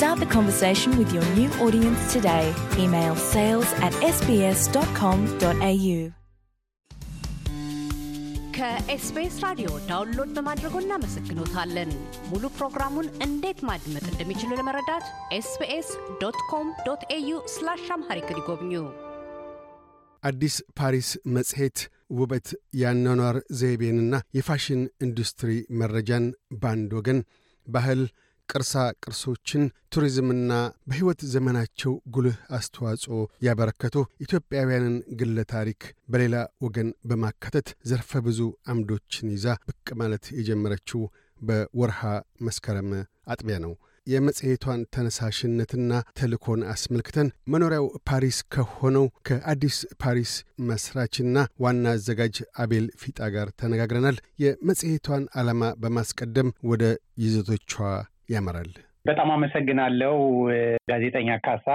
Start the conversation with your new audience today. Email sales at sbs.com.au. ከኤስቢኤስ ራዲዮ ዳውንሎድ በማድረጎ እናመሰግኖታለን። ሙሉ ፕሮግራሙን እንዴት ማድመጥ እንደሚችሉ ለመረዳት ኤስቢኤስ ዶት ኮም ዶት ኤዩ ስላሽ አምሃሪክ ይጎብኙ። አዲስ ፓሪስ መጽሔት ውበት የአኗኗር ዘይቤንና የፋሽን ኢንዱስትሪ መረጃን በአንድ ወገን ባህል ቅርሳ ቅርሶችን፣ ቱሪዝምና በሕይወት ዘመናቸው ጉልህ አስተዋጽኦ ያበረከቱ ኢትዮጵያውያንን ግለ ታሪክ በሌላ ወገን በማካተት ዘርፈ ብዙ አምዶችን ይዛ ብቅ ማለት የጀመረችው በወርሃ መስከረም አጥቢያ ነው። የመጽሔቷን ተነሳሽነትና ተልእኮን አስመልክተን መኖሪያው ፓሪስ ከሆነው ከአዲስ ፓሪስ መስራችና ዋና አዘጋጅ አቤል ፊጣ ጋር ተነጋግረናል። የመጽሔቷን ዓላማ በማስቀደም ወደ ይዘቶቿ ያመራል። በጣም አመሰግናለው ጋዜጠኛ ካሳ።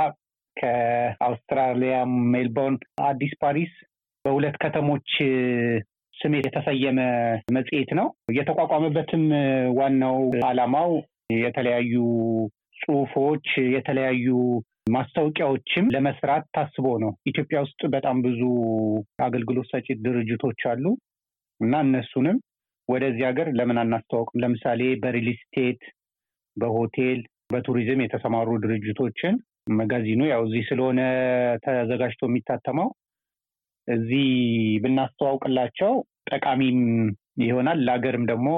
ከአውስትራሊያ ሜልቦርን አዲስ ፓሪስ በሁለት ከተሞች ስም የተሰየመ መጽሔት ነው። የተቋቋመበትም ዋናው ዓላማው የተለያዩ ጽሁፎች፣ የተለያዩ ማስታወቂያዎችም ለመስራት ታስቦ ነው። ኢትዮጵያ ውስጥ በጣም ብዙ አገልግሎት ሰጪ ድርጅቶች አሉ እና እነሱንም ወደዚህ ሀገር ለምን አናስተዋውቅም? ለምሳሌ በሪል ስቴት በሆቴል በቱሪዝም የተሰማሩ ድርጅቶችን መጋዚኑ ያው እዚህ ስለሆነ ተዘጋጅቶ የሚታተመው እዚህ ብናስተዋውቅላቸው ጠቃሚም ይሆናል ለሀገርም ደግሞ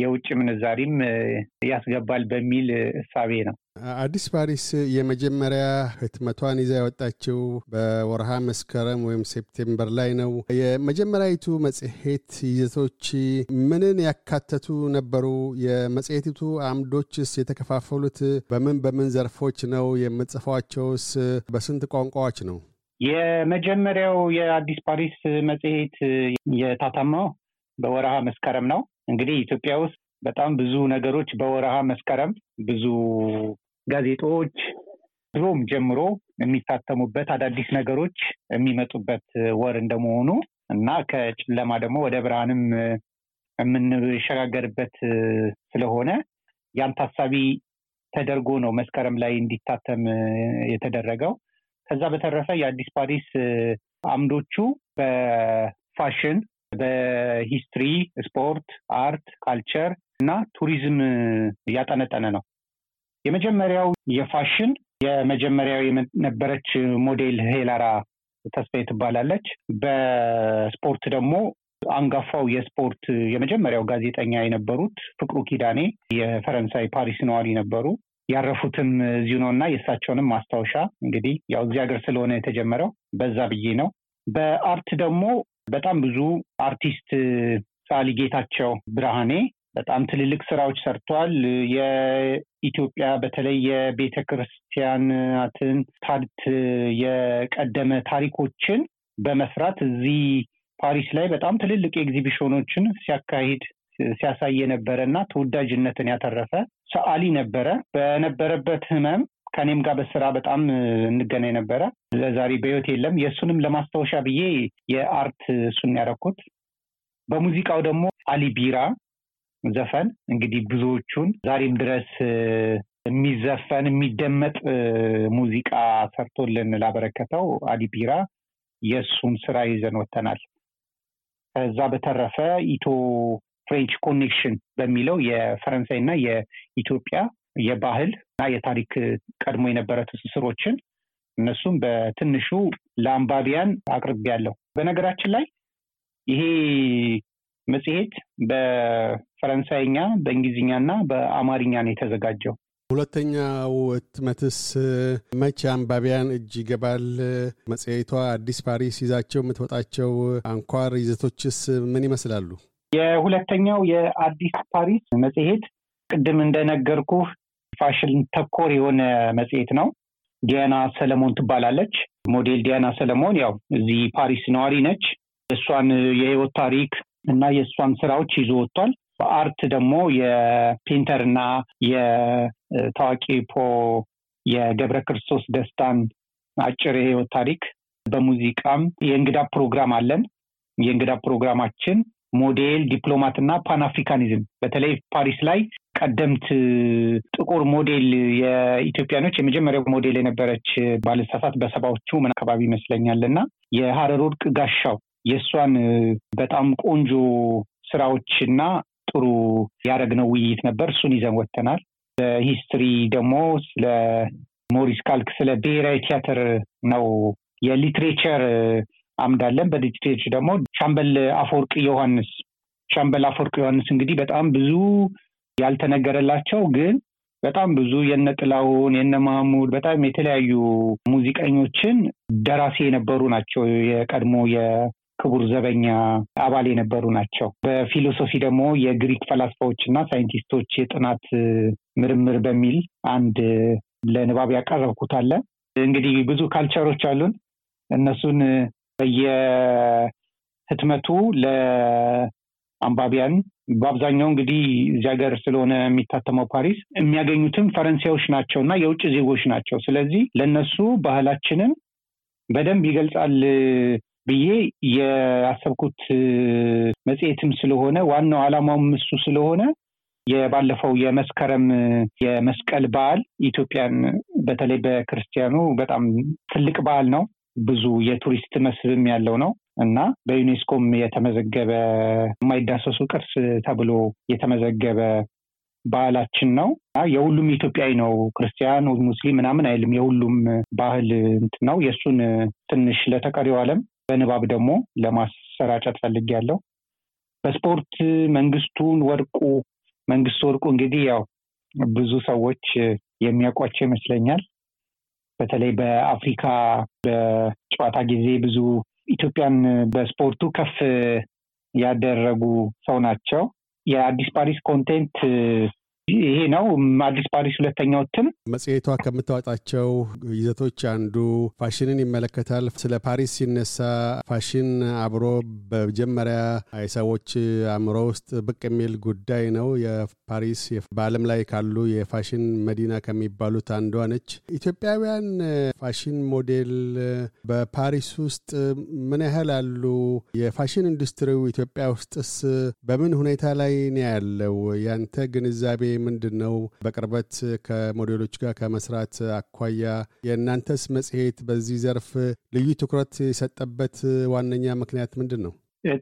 የውጭ ምንዛሪም ያስገባል በሚል እሳቤ ነው። አዲስ ፓሪስ የመጀመሪያ ህትመቷን ይዛ ያወጣችው በወርሃ መስከረም ወይም ሴፕቴምበር ላይ ነው። የመጀመሪያዊቱ መጽሔት ይዘቶች ምንን ያካተቱ ነበሩ? የመጽሔቲቱ አምዶችስ የተከፋፈሉት በምን በምን ዘርፎች ነው? የምጽፏቸውስ በስንት ቋንቋዎች ነው? የመጀመሪያው የአዲስ ፓሪስ መጽሔት የታተመው በወርሃ መስከረም ነው። እንግዲህ ኢትዮጵያ ውስጥ በጣም ብዙ ነገሮች በወረሃ መስከረም ብዙ ጋዜጦች ድሮም ጀምሮ የሚታተሙበት አዳዲስ ነገሮች የሚመጡበት ወር እንደመሆኑ እና ከጨለማ ደግሞ ወደ ብርሃንም የምንሸጋገርበት ስለሆነ ያን ታሳቢ ተደርጎ ነው መስከረም ላይ እንዲታተም የተደረገው። ከዛ በተረፈ የአዲስ ፓሪስ አምዶቹ በፋሽን በሂስትሪ፣ ስፖርት፣ አርት፣ ካልቸር እና ቱሪዝም ያጠነጠነ ነው። የመጀመሪያው የፋሽን የመጀመሪያው የነበረች ሞዴል ሄላራ ተስፋ ትባላለች። በስፖርት ደግሞ አንጋፋው የስፖርት የመጀመሪያው ጋዜጠኛ የነበሩት ፍቅሩ ኪዳኔ የፈረንሳይ ፓሪስ ነዋሪ ነበሩ። ያረፉትም እዚሁ ነው እና የእሳቸውንም ማስታወሻ እንግዲህ ያው እዚህ ሀገር ስለሆነ የተጀመረው በዛ ብዬ ነው። በአርት ደግሞ በጣም ብዙ አርቲስት ሳሊ ጌታቸው ብርሃኔ በጣም ትልልቅ ስራዎች ሰርቷል። የኢትዮጵያ በተለይ የቤተ ክርስቲያናትን ታሪክ የቀደመ ታሪኮችን በመስራት እዚህ ፓሪስ ላይ በጣም ትልልቅ ኤግዚቢሽኖችን ሲያካሂድ ሲያሳይ የነበረ እና ተወዳጅነትን ያተረፈ ሰዓሊ ነበረ። በነበረበት ህመም ከእኔም ጋር በስራ በጣም እንገናኝ ነበረ። ለዛሬ በህይወት የለም። የእሱንም ለማስታወሻ ብዬ የአርት እሱን ያደረኩት። በሙዚቃው ደግሞ አሊ ቢራ ዘፈን እንግዲህ ብዙዎቹን ዛሬም ድረስ የሚዘፈን የሚደመጥ ሙዚቃ ሰርቶልን ላበረከተው አሊ ቢራ የእሱን ስራ ይዘን ወተናል። ከዛ በተረፈ ኢትዮ ፍሬንች ኮኔክሽን በሚለው የፈረንሳይና የኢትዮጵያ የባህል እና የታሪክ ቀድሞ የነበረ ትስስሮችን እነሱም በትንሹ ለአንባቢያን አቅርቤ ያለው። በነገራችን ላይ ይሄ መጽሔት በፈረንሳይኛ፣ በእንግሊዝኛ እና በአማርኛ ነው የተዘጋጀው። ሁለተኛው እትመትስ መቼ አንባቢያን እጅ ይገባል? መጽሔቷ አዲስ ፓሪስ ይዛቸው የምትወጣቸው አንኳር ይዘቶችስ ምን ይመስላሉ? የሁለተኛው የአዲስ ፓሪስ መጽሔት ቅድም እንደነገርኩ? ፋሽን ተኮር የሆነ መጽሔት ነው። ዲያና ሰለሞን ትባላለች። ሞዴል ዲያና ሰለሞን ያው እዚህ ፓሪስ ነዋሪ ነች። የእሷን የህይወት ታሪክ እና የእሷን ስራዎች ይዞ ወጥቷል። በአርት ደግሞ የፔንተር እና የታዋቂ ፖ የገብረ ክርስቶስ ደስታን አጭር የህይወት ታሪክ በሙዚቃም የእንግዳ ፕሮግራም አለን። የእንግዳ ፕሮግራማችን ሞዴል ዲፕሎማት እና ፓን አፍሪካኒዝም በተለይ ፓሪስ ላይ ቀደምት ጥቁር ሞዴል የኢትዮጵያኖች የመጀመሪያው ሞዴል የነበረች ባልሳሳት በሰባዎቹ ምን አካባቢ ይመስለኛል እና የሀረር ወርቅ ጋሻው የእሷን በጣም ቆንጆ ስራዎች እና ጥሩ ያደረግነው ውይይት ነበር። እሱን ይዘን ወተናል በሂስትሪ ደግሞ ስለ ሞሪስ ካልክ ስለ ብሔራዊ ቲያትር ነው። የሊትሬቸር አምዳለን። በሊትሬቸር ደግሞ ሻምበል አፈወርቅ ዮሐንስ ሻምበል አፈወርቅ ዮሐንስ እንግዲህ በጣም ብዙ ያልተነገረላቸው ግን በጣም ብዙ የነጥላውን፣ የነ ማህሙድ በጣም የተለያዩ ሙዚቀኞችን ደራሲ የነበሩ ናቸው። የቀድሞ የክቡር ዘበኛ አባል የነበሩ ናቸው። በፊሎሶፊ ደግሞ የግሪክ ፈላስፋዎች እና ሳይንቲስቶች የጥናት ምርምር በሚል አንድ ለንባብ ያቀረብኩት አለ። እንግዲህ ብዙ ካልቸሮች አሉን። እነሱን በየህትመቱ ለአንባቢያን በአብዛኛው እንግዲህ እዚህ ሀገር ስለሆነ የሚታተመው ፓሪስ የሚያገኙትም ፈረንሳዮች ናቸው እና የውጭ ዜጎች ናቸው። ስለዚህ ለእነሱ ባህላችንን በደንብ ይገልጻል ብዬ የአሰብኩት መጽሔትም ስለሆነ ዋናው አላማውም እሱ ስለሆነ የባለፈው የመስከረም የመስቀል በዓል ኢትዮጵያን በተለይ በክርስቲያኑ በጣም ትልቅ በዓል ነው። ብዙ የቱሪስት መስህብም ያለው ነው። እና በዩኔስኮም የተመዘገበ የማይዳሰሱ ቅርስ ተብሎ የተመዘገበ ባህላችን ነው። የሁሉም ኢትዮጵያዊ ነው። ክርስቲያን፣ ሙስሊም ምናምን አይልም። የሁሉም ባህል እንትን ነው። የእሱን ትንሽ ለተቀሪው አለም በንባብ ደግሞ ለማሰራጨት ያለው በስፖርት መንግስቱን ወርቁ መንግስቱ ወርቁ እንግዲህ ያው ብዙ ሰዎች የሚያውቋቸው ይመስለኛል። በተለይ በአፍሪካ በጨዋታ ጊዜ ብዙ ኢትዮጵያን በስፖርቱ ከፍ ያደረጉ ሰው ናቸው። የአዲስ ፓሪስ ኮንቴንት ይሄ ነው አዲስ ፓሪስ ሁለተኛው እትም። መጽሔቷ ከምታወጣቸው ይዘቶች አንዱ ፋሽንን ይመለከታል። ስለ ፓሪስ ሲነሳ ፋሽን አብሮ በመጀመሪያ የሰዎች አእምሮ ውስጥ ብቅ የሚል ጉዳይ ነው። የፓሪስ በአለም ላይ ካሉ የፋሽን መዲና ከሚባሉት አንዷ ነች። ኢትዮጵያውያን ፋሽን ሞዴል በፓሪስ ውስጥ ምን ያህል አሉ? የፋሽን ኢንዱስትሪው ኢትዮጵያ ውስጥስ በምን ሁኔታ ላይ ነው ያለው? ያንተ ግንዛቤ ምንድን ነው? በቅርበት ከሞዴሎች ጋር ከመስራት አኳያ የእናንተስ መጽሔት በዚህ ዘርፍ ልዩ ትኩረት የሰጠበት ዋነኛ ምክንያት ምንድን ነው?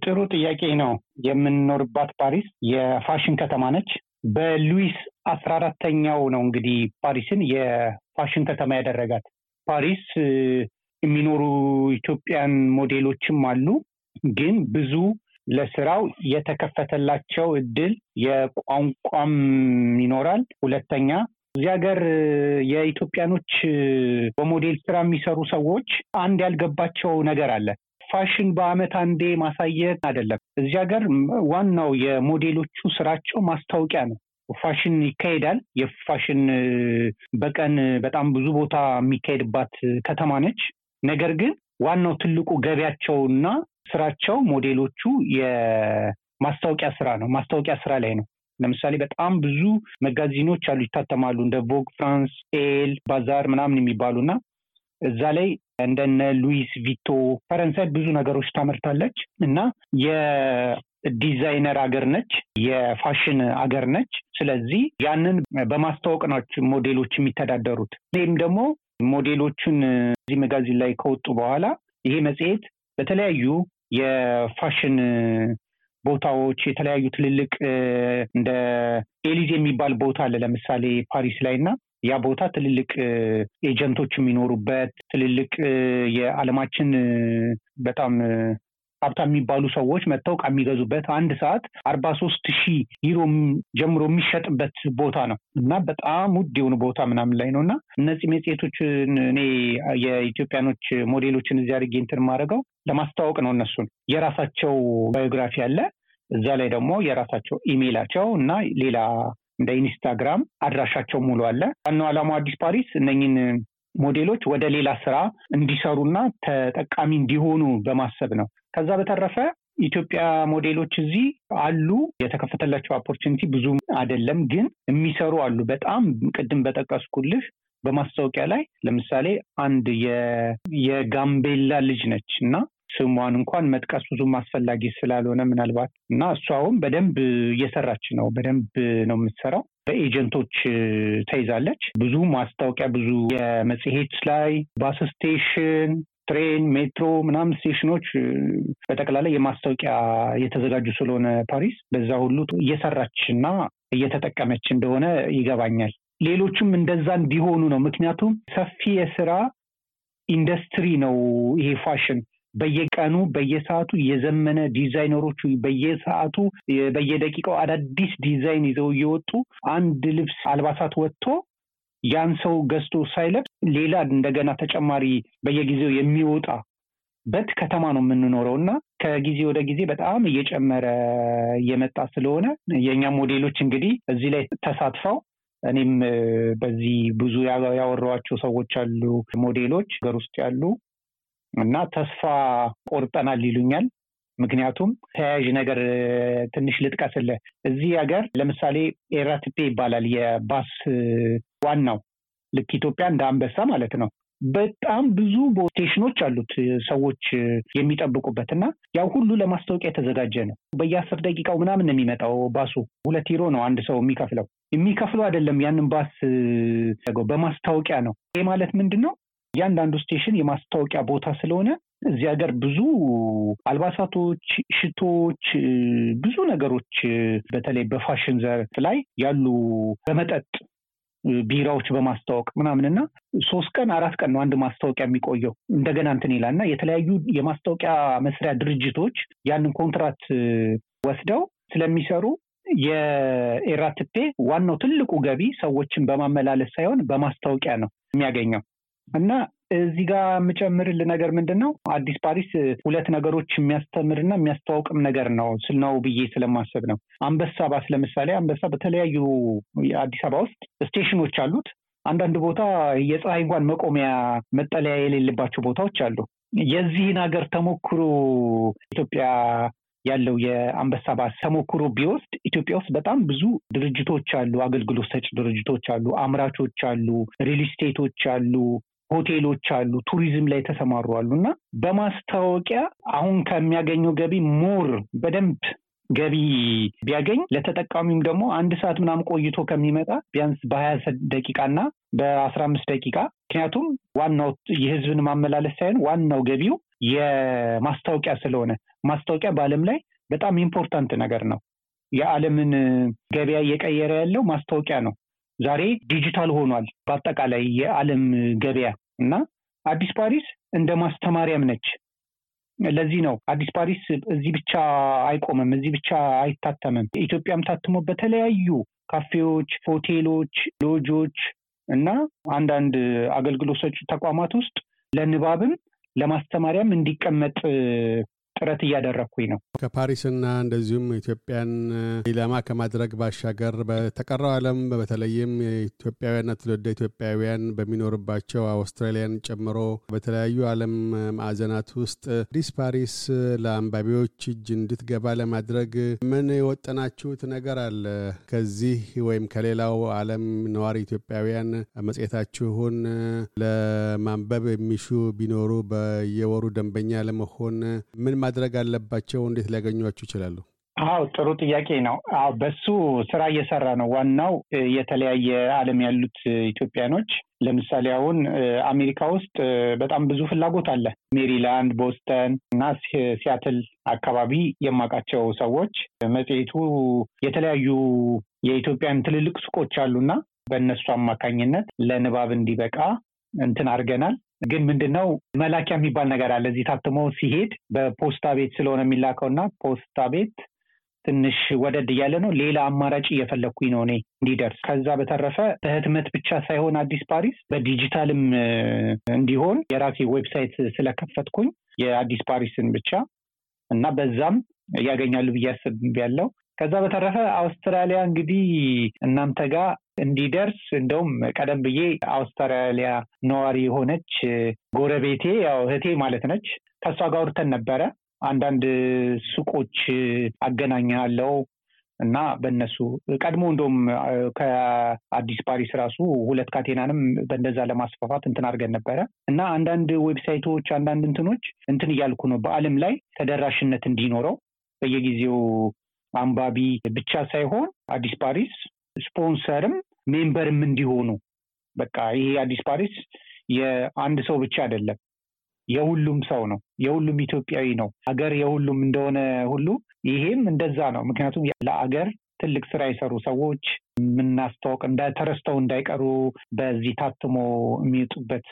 ጥሩ ጥያቄ ነው። የምንኖርባት ፓሪስ የፋሽን ከተማ ነች። በሉዊስ አስራ አራተኛው ነው እንግዲህ ፓሪስን የፋሽን ከተማ ያደረጋት። ፓሪስ የሚኖሩ ኢትዮጵያን ሞዴሎችም አሉ፣ ግን ብዙ ለስራው የተከፈተላቸው እድል የቋንቋም ይኖራል። ሁለተኛ እዚህ ሀገር የኢትዮጵያኖች በሞዴል ስራ የሚሰሩ ሰዎች አንድ ያልገባቸው ነገር አለ። ፋሽን በአመት አንዴ ማሳየት አይደለም። እዚህ ሀገር ዋናው የሞዴሎቹ ስራቸው ማስታወቂያ ነው። ፋሽን ይካሄዳል። የፋሽን በቀን በጣም ብዙ ቦታ የሚካሄድባት ከተማ ነች። ነገር ግን ዋናው ትልቁ ገቢያቸውና ስራቸው ሞዴሎቹ የማስታወቂያ ስራ ነው። ማስታወቂያ ስራ ላይ ነው። ለምሳሌ በጣም ብዙ መጋዚኖች አሉ፣ ይታተማሉ። እንደ ቮግ ፍራንስ፣ ኤል፣ ባዛር ምናምን የሚባሉ እና እዛ ላይ እንደነ ሉዊስ ቪቶ ፈረንሳይ ብዙ ነገሮች ታመርታለች እና የዲዛይነር አገር ነች፣ የፋሽን አገር ነች። ስለዚህ ያንን በማስታወቅ ናቸው ሞዴሎች የሚተዳደሩት። ይህም ደግሞ ሞዴሎቹን እዚህ መጋዚን ላይ ከወጡ በኋላ ይሄ መጽሔት በተለያዩ የፋሽን ቦታዎች የተለያዩ ትልልቅ እንደ ኤሊዝ የሚባል ቦታ አለ ለምሳሌ ፓሪስ ላይ እና ያ ቦታ ትልልቅ ኤጀንቶች የሚኖሩበት ትልልቅ የዓለማችን በጣም ሀብታም የሚባሉ ሰዎች መጥተው ዕቃ የሚገዙበት አንድ ሰዓት አርባ ሶስት ሺህ ዩሮ ጀምሮ የሚሸጥበት ቦታ ነው እና በጣም ውድ የሆኑ ቦታ ምናምን ላይ ነው እና እነዚህ መጽሔቶች እኔ የኢትዮጵያኖች ሞዴሎችን እዚህ አድርጌ እንትን ማድረገው ለማስተዋወቅ ነው። እነሱን የራሳቸው ባዮግራፊ አለ እዛ ላይ ደግሞ የራሳቸው ኢሜይላቸው እና ሌላ እንደ ኢንስታግራም አድራሻቸው ሙሉ አለ። ዋናው ዓላማው አዲስ ፓሪስ እነኝን ሞዴሎች ወደ ሌላ ስራ እንዲሰሩና ተጠቃሚ እንዲሆኑ በማሰብ ነው። ከዛ በተረፈ ኢትዮጵያ ሞዴሎች እዚህ አሉ። የተከፈተላቸው ኦፖርቹኒቲ ብዙ አይደለም፣ ግን የሚሰሩ አሉ። በጣም ቅድም በጠቀስኩልህ በማስታወቂያ ላይ ለምሳሌ አንድ የጋምቤላ ልጅ ነች እና ስሟን እንኳን መጥቀስ ብዙም አስፈላጊ ስላልሆነ ምናልባት እና እሷውም በደንብ እየሰራች ነው። በደንብ ነው የምትሰራው። በኤጀንቶች ተይዛለች። ብዙ ማስታወቂያ ብዙ የመጽሄት ላይ ባስ ስቴሽን ትሬን፣ ሜትሮ ምናምን ስቴሽኖች በጠቅላላይ የማስታወቂያ የተዘጋጁ ስለሆነ ፓሪስ በዛ ሁሉ እየሰራች እና እየተጠቀመች እንደሆነ ይገባኛል። ሌሎቹም እንደዛ እንዲሆኑ ነው። ምክንያቱም ሰፊ የስራ ኢንዱስትሪ ነው ይሄ ፋሽን በየቀኑ በየሰዓቱ የዘመነ ዲዛይነሮቹ በየሰዓቱ በየደቂቃው አዳዲስ ዲዛይን ይዘው እየወጡ አንድ ልብስ አልባሳት ወጥቶ ያን ሰው ገዝቶ ሳይለቅ ሌላ እንደገና ተጨማሪ በየጊዜው በት ከተማ ነው የምንኖረው እና ከጊዜ ወደ ጊዜ በጣም እየጨመረ የመጣ ስለሆነ የእኛ ሞዴሎች እንግዲህ እዚህ ላይ ተሳትፈው እኔም በዚህ ብዙ ያወራኋቸው ሰዎች አሉ፣ ሞዴሎች ገር ውስጥ ያሉ እና ተስፋ ቆርጠናል ይሉኛል። ምክንያቱም ተያያዥ ነገር ትንሽ ልጥቀስለ እዚህ ሀገር ለምሳሌ ኤራትፔ ይባላል የባስ ዋናው ልክ ኢትዮጵያ እንደ አንበሳ ማለት ነው። በጣም ብዙ ስቴሽኖች አሉት ሰዎች የሚጠብቁበት እና ያው ሁሉ ለማስታወቂያ የተዘጋጀ ነው። በየአስር ደቂቃው ምናምን ነው የሚመጣው ባሱ። ሁለት ሮ ነው አንድ ሰው የሚከፍለው። የሚከፍለው አይደለም ያንን ባስ በማስታወቂያ ነው። ይህ ማለት ምንድን ነው? እያንዳንዱ ስቴሽን የማስታወቂያ ቦታ ስለሆነ እዚህ ሀገር ብዙ አልባሳቶች፣ ሽቶች፣ ብዙ ነገሮች በተለይ በፋሽን ዘርፍ ላይ ያሉ በመጠጥ ቢራዎች በማስታወቅ ምናምን እና ሶስት ቀን አራት ቀን ነው አንድ ማስታወቂያ የሚቆየው። እንደገና እንትን ይላል እና የተለያዩ የማስታወቂያ መስሪያ ድርጅቶች ያንን ኮንትራት ወስደው ስለሚሰሩ የኤራትፔ ዋናው ትልቁ ገቢ ሰዎችን በማመላለስ ሳይሆን በማስታወቂያ ነው የሚያገኘው። እና እዚህ ጋር የምጨምርል ነገር ምንድን ነው አዲስ ፓሪስ ሁለት ነገሮች የሚያስተምርና የሚያስተዋውቅም ነገር ነው ነው ብዬ ስለማሰብ ነው። አንበሳ ባስ ለምሳሌ አንበሳ በተለያዩ የአዲስ አበባ ውስጥ ስቴሽኖች አሉት። አንዳንድ ቦታ የፀሐይ እንኳን መቆሚያ መጠለያ የሌለባቸው ቦታዎች አሉ። የዚህን ሀገር ተሞክሮ ኢትዮጵያ ያለው የአንበሳ ባስ ተሞክሮ ቢወስድ ኢትዮጵያ ውስጥ በጣም ብዙ ድርጅቶች አሉ፣ አገልግሎት ሰጭ ድርጅቶች አሉ፣ አምራቾች አሉ፣ ሪል ስቴቶች አሉ፣ ሆቴሎች አሉ፣ ቱሪዝም ላይ የተሰማሩ አሉ እና በማስታወቂያ አሁን ከሚያገኘው ገቢ ሞር በደንብ ገቢ ቢያገኝ ለተጠቃሚውም ደግሞ አንድ ሰዓት ምናምን ቆይቶ ከሚመጣ ቢያንስ በሀያ ደቂቃና በአስራ አምስት ደቂቃ ምክንያቱም ዋናው የህዝብን ማመላለስ ሳይሆን ዋናው ገቢው የማስታወቂያ ስለሆነ ማስታወቂያ በዓለም ላይ በጣም ኢምፖርታንት ነገር ነው። የዓለምን ገበያ እየቀየረ ያለው ማስታወቂያ ነው። ዛሬ ዲጂታል ሆኗል በአጠቃላይ የዓለም ገበያ እና አዲስ ፓሪስ እንደ ማስተማሪያም ነች። ለዚህ ነው አዲስ ፓሪስ እዚህ ብቻ አይቆምም፣ እዚህ ብቻ አይታተምም። ኢትዮጵያም ታትሞ በተለያዩ ካፌዎች፣ ሆቴሎች፣ ሎጆች እና አንዳንድ አገልግሎት ሰጪ ተቋማት ውስጥ ለንባብም ለማስተማሪያም እንዲቀመጥ ጥረት እያደረግኩኝ ነው። ከፓሪስና እንደዚሁም ኢትዮጵያን ኢላማ ከማድረግ ባሻገር በተቀረው ዓለም በተለይም የኢትዮጵያውያንና ትውልደ ኢትዮጵያውያን በሚኖርባቸው አውስትራሊያን ጨምሮ በተለያዩ ዓለም ማዕዘናት ውስጥ አዲስ ፓሪስ ለአንባቢዎች እጅ እንድትገባ ለማድረግ ምን የወጠናችሁት ነገር አለ? ከዚህ ወይም ከሌላው ዓለም ነዋሪ ኢትዮጵያውያን መጽሔታችሁን ለማንበብ የሚሹ ቢኖሩ በየወሩ ደንበኛ ለመሆን ምን ማድረግ አለባቸው? እንዴት ሊያገኟችሁ ይችላሉ? አዎ ጥሩ ጥያቄ ነው። አዎ በሱ ስራ እየሰራ ነው። ዋናው የተለያየ ዓለም ያሉት ኢትዮጵያኖች ለምሳሌ አሁን አሜሪካ ውስጥ በጣም ብዙ ፍላጎት አለ። ሜሪላንድ፣ ቦስተን እና ሲያትል አካባቢ የማውቃቸው ሰዎች መጽሔቱ የተለያዩ የኢትዮጵያን ትልልቅ ሱቆች አሉና በእነሱ አማካኝነት ለንባብ እንዲበቃ እንትን አድርገናል። ግን ምንድነው መላኪያ የሚባል ነገር አለ። እዚህ ታትሞ ሲሄድ በፖስታ ቤት ስለሆነ የሚላከው እና ፖስታ ቤት ትንሽ ወደድ እያለ ነው። ሌላ አማራጭ እየፈለግኩኝ ነው እኔ እንዲደርስ። ከዛ በተረፈ በህትመት ብቻ ሳይሆን አዲስ ፓሪስ በዲጂታልም እንዲሆን የራሴ ዌብሳይት ስለከፈትኩኝ የአዲስ ፓሪስን ብቻ እና በዛም ያገኛሉ ብዬ አስብ ያለው ከዛ በተረፈ አውስትራሊያ እንግዲህ እናንተ ጋር እንዲደርስ እንደውም ቀደም ብዬ አውስትራሊያ ነዋሪ የሆነች ጎረቤቴ ያው እህቴ ማለት ነች ከእሷ ጋር አውርተን ነበረ። አንዳንድ ሱቆች አገናኛለው እና በእነሱ ቀድሞ እንደም ከአዲስ ፓሪስ ራሱ ሁለት ካቴናንም በእንደዛ ለማስፋፋት እንትን አድርገን ነበረ እና አንዳንድ ዌብሳይቶች፣ አንዳንድ እንትኖች እንትን እያልኩ ነው በአለም ላይ ተደራሽነት እንዲኖረው በየጊዜው አንባቢ ብቻ ሳይሆን አዲስ ፓሪስ ስፖንሰርም ሜምበርም እንዲሆኑ በቃ ይሄ አዲስ ፓሪስ የአንድ ሰው ብቻ አይደለም፣ የሁሉም ሰው ነው፣ የሁሉም ኢትዮጵያዊ ነው። አገር የሁሉም እንደሆነ ሁሉ ይሄም እንደዛ ነው። ምክንያቱም ለአገር ትልቅ ስራ የሰሩ ሰዎች የምናስታወቅ ተረስተው እንዳይቀሩ በዚህ ታትሞ የሚወጡበት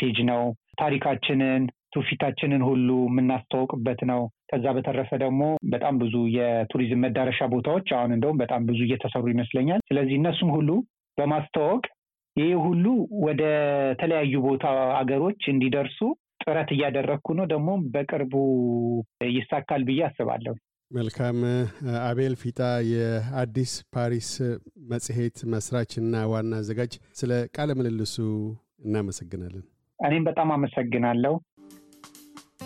ፔጅ ነው። ታሪካችንን ትውፊታችንን ሁሉ የምናስተዋውቅበት ነው። ከዛ በተረፈ ደግሞ በጣም ብዙ የቱሪዝም መዳረሻ ቦታዎች አሁን እንደውም በጣም ብዙ እየተሰሩ ይመስለኛል። ስለዚህ እነሱም ሁሉ በማስተዋወቅ ይህ ሁሉ ወደ ተለያዩ ቦታ አገሮች እንዲደርሱ ጥረት እያደረግኩ ነው። ደግሞ በቅርቡ ይሳካል ብዬ አስባለሁ። መልካም። አቤል ፊጣ የአዲስ ፓሪስ መጽሔት እና ዋና አዘጋጅ፣ ስለ ቃለ ምልልሱ እናመሰግናለን። እኔም በጣም አመሰግናለሁ።